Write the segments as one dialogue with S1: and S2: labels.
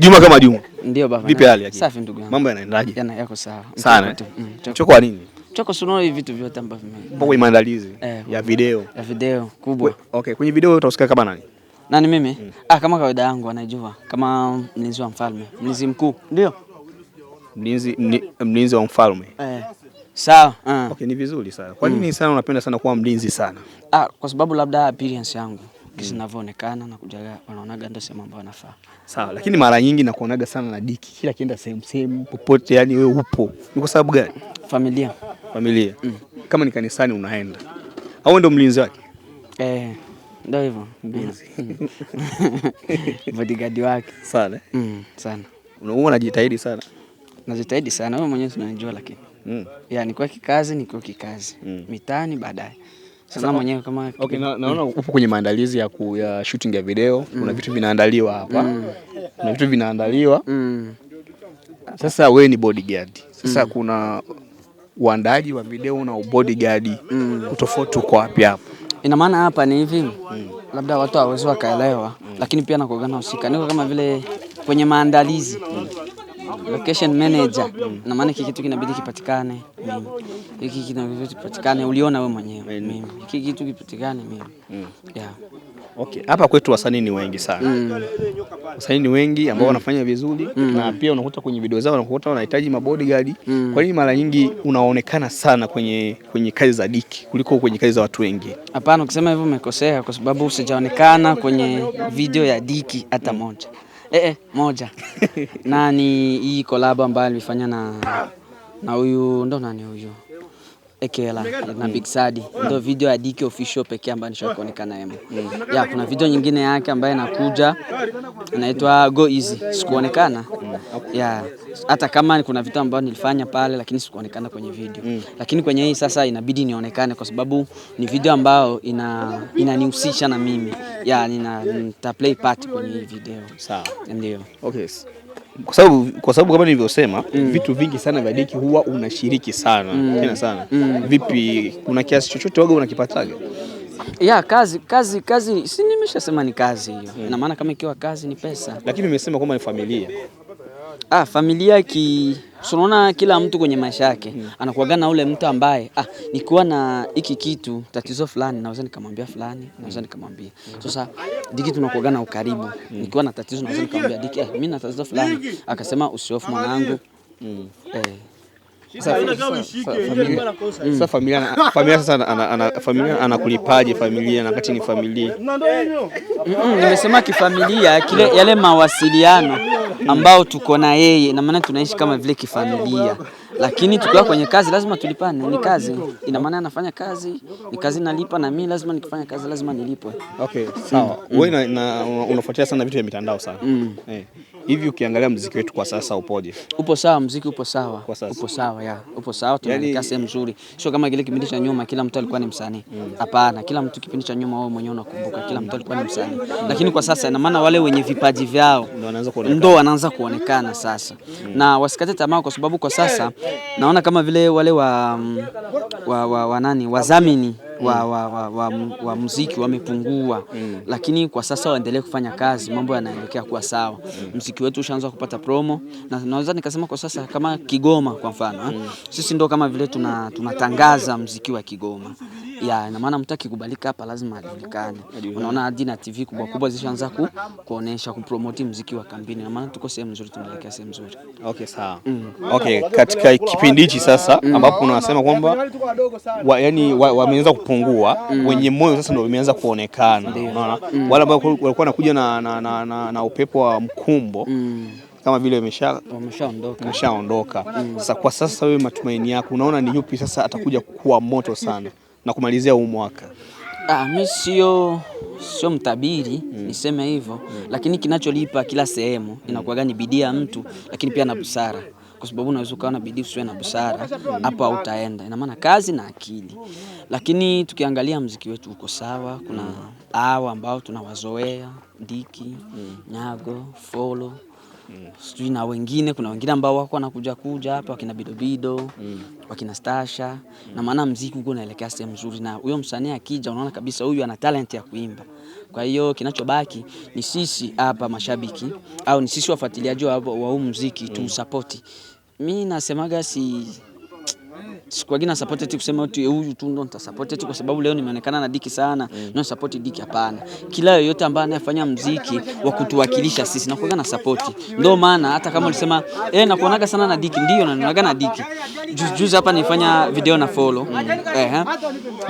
S1: Juma kama Juma. Ndio baba. Vipi hali? yako? Safi ndugu yangu. Mambo yanaendaje?
S2: Yana yako sawa.
S1: Sana. Mm, choko wa nini?
S2: Choko sio hivi vitu vyote ambavyo
S1: vimepangwa maandalizi eh, ya video.
S2: Ya video kubwa.
S1: Okay, kwenye video utahusika kama nani?
S2: Nani mimi? Mm. Ah, kama kawaida yangu anajua kama mlinzi wa mfalme, mlinzi mkuu. Ndio.
S1: Mlinzi mlinzi wa mfalme.
S2: Eh. Sawa.
S1: Uh. Okay, ni vizuri sana. Kwa nini mm, sana unapenda sana kuwa mlinzi sana?
S2: Ah, kwa sababu labda appearance yangu kisinavyoonekana na kujaga wanaonaga ndio sehemu ambayo nafaa.
S1: Sawa, lakini mara nyingi nakuonaga sana na Diki kila kienda sehemu sehemu popote, yani wewe upo, ni kwa sababu gani? Familia, familia mm. Kama ni kanisani unaenda au ndio mlinzi wake
S2: eh? Ndio hivyo mlinzi, bodyguard wake sana eh? mm, sana.
S1: Unaona, unajitahidi sana.
S2: Najitahidi sana, wewe mwenyewe unajua, lakini mm. ya ni kwa kikazi, ni kwa kikazi mm. mitaani baadaye mwenyewe kama
S1: okay, na, naona mm. upo kwenye maandalizi ya, ku, ya shooting ya video mm. Kuna vitu vinaandaliwa hapa mm. Kuna vitu vinaandaliwa mm. Sasa wewe ni bodyguard sasa mm. Kuna uandaji wa video na bodyguard mm. Utofauti uko wapi hapo?
S2: Ina maana hapa ni hivi mm. Labda watu hawawezi wakaelewa mm. Lakini pia nakugana husika niko kama vile kwenye maandalizi mm location manager mm. na maana hiki kitu kinabidi kipatikane mimi, hiki kinabidi kipatikane, uliona wewe mwenyewe mimi, hiki kitu kipatikane mimi
S1: mm. yeah. Okay, hapa kwetu wasanii ni wengi sana mm. wasanii ni wengi ambao mm. wanafanya vizuri mm. na pia unakuta kwenye video zao unakuta wanahitaji mabodyguard mm. kwa nini mara nyingi unaonekana sana kwenye, kwenye kazi za Diki kuliko kwenye kazi za watu wengi
S2: Hapana, ukisema hivyo umekosea, kwa sababu usijaonekana kwenye video ya Diki hata mm. moja eh, eh, moja na ni hii collab ambayo alifanya na na huyu ndo nani huyu Ekela na Big Sadi ndio video ya Diki official pekee ambayo nishakuonekana yemo. Mm. Ya kuna video nyingine yake ambayo inakuja inaitwa Go Easy. Sikuonekana yeah. Hata kama kuna vitu ambavyo nilifanya pale, lakini sikuonekana kwenye video mm. Lakini kwenye hii sasa inabidi nionekane kwa sababu ni video ambayo inanihusisha na mimi yeah, nina, nita play part kwenye hii video sawa, ndio
S1: okay. Kwa sababu kwa sababu kama nilivyosema mm. vitu vingi sana vya deki huwa unashiriki sana mm. tena sana mm. Vipi, kuna kiasi chochote wewe unakipataga?
S2: Ya, kazi kazi kazi, si nimeshasema ni kazi hiyo mm. Ina maana kama ikiwa kazi ni pesa,
S1: lakini nimesema kwamba ni familia
S2: Ah, familia ki unaona kila mtu kwenye maisha yake hmm, anakuaga na ule mtu ambaye ah, nikiwa na hiki kitu tatizo fulani naweza nikamwambia fulani, naweza nikamwambia. Sasa Diki tunakuaga na ukaribu hmm, nikiwa na tatizo naweza nikamwambia Diki, eh, mimi na tatizo fulani, akasema usiofu mwanangu hmm, eh.
S1: Sasa familia sasa anakulipaje familia na kati ni familia?
S2: Nimesema kifamilia kile yale mawasiliano ambao tuko na yeye, na maana tunaishi kama vile kifamilia lakini tukiwa kwenye kazi lazima tulipane. Ni kazi, ina maana anafanya kazi, ni kazi nalipa, na mimi lazima nikifanya kazi lazima nilipwe.
S1: Okay, sawa. Wewe unafuatilia sana vitu vya mitandao sana
S2: mm. eh,
S1: hivi, ukiangalia mziki wetu kwa sasa upoje?
S2: Upo sawa, mziki upo sawa, upo sawa ya upo sawa, tunaelekea yaani- sehemu nzuri, sio kama kile kipindi cha nyuma, kila mtu alikuwa ni msanii. Hapana, kila mtu kipindi cha nyuma, wewe mwenyewe unakumbuka, kila mtu alikuwa ni msanii, lakini kwa sasa ina maana wale wenye vipaji vyao ndo wanaanza kuonekana sasa, na wasikate tamaa, kwa sababu kwa sasa naona kama vile wale wa mm, wa, wa, wa nani wadhamini Mm. wa, wa, wa, wa, wa muziki wamepungua mm. Lakini kwa sasa waendelee kufanya kazi, mambo yanaelekea kuwa sawa mm. Muziki wetu ushaanza kupata promo na naweza nikasema kwa sasa kama Kigoma kwa mfano mm. Sisi ndo kama vile tuna, tunatangaza muziki wa Kigoma ya ina maana mtu akikubalika hapa lazima ajulikane. Unaona hadi na TV kubwa kubwa zishaanza ku, kuonesha kupromote muziki wa kambini, na maana tuko sehemu nzuri, tunaelekea sehemu nzuri. Okay, sawa. Mm.
S1: Okay, katika kipindi hichi sasa mm. ambapo unasema kwamba wa, yani wameanza wa kupungua mm. wenye moyo sasa ndio wameanza kuonekana. Unaona? Mm. Wale ambao walikuwa wanakuja na, na, na, na, na upepo wa mkumbo mm kama vile wameshaondoka. Mm. Sasa kwa sasa, wewe matumaini yako unaona ni yupi sasa atakuja kuwa moto sana? na kumalizia huu mwaka?
S2: Ah, mi sio sio mtabiri mm. niseme hivyo mm. lakini kinacholipa kila sehemu mm. inakuwa gani bidii ya mtu, lakini pia na busara kwa sababu unaweza ukaona na bidii usiwe na busara, hapo hautaenda. Ina maana kazi na akili. Lakini tukiangalia mziki wetu uko sawa, kuna mm. hawa ambao tunawazoea Diki mm. Nyago Folo mm. sijui na wengine, kuna wengine ambao wako wanakuja kuja hapa wakina Bidobido mm. wakina Stasha mm. na maana mziki huko unaelekea sehemu nzuri, na huyo msanii akija, unaona kabisa huyu ana talent ya kuimba. Kwa hiyo kinachobaki ni sisi hapa mashabiki au ni sisi wafuatiliaji wa huu mziki mm. tu support. Mimi nasemaga si Sikwagi na support eti kusema eti eh, huyu tu ndo nitasapoti eti kwa sababu leo nimeonekana na Diki sana mm. no support Diki, hapana. Kila yoyote ambaye anayefanya mziki wa kutuwakilisha sisi nakuaga na support, ndio maana hata kama ulisema eh, nakuonaga sana na Diki, ndio naonaga na Diki. Juzi juzi hapa nifanya video na follow mm. Eh, eh,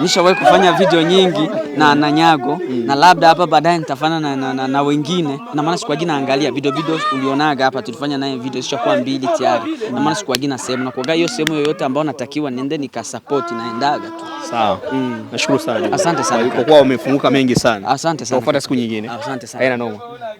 S2: nishawahi kufanya video nyingi na na Nyago mm. na labda hapa baadaye nitafanya na, na, na, na wengine, na maana sikwagi naangalia video video ulionaga hapa tulifanya naye video zishakuwa mbili tayari, na maana sikwagi na sehemu na kuaga hiyo sehemu yoyote ambayo natakiwa nikiambiwa niende nikasapoti naendaga tu. Sawa. Mm.
S1: Nashukuru sana. Asante sana. Kwa kuwa umefunguka mengi sana. Asante sana. Tufuate siku nyingine. Asante sana. Haina noma.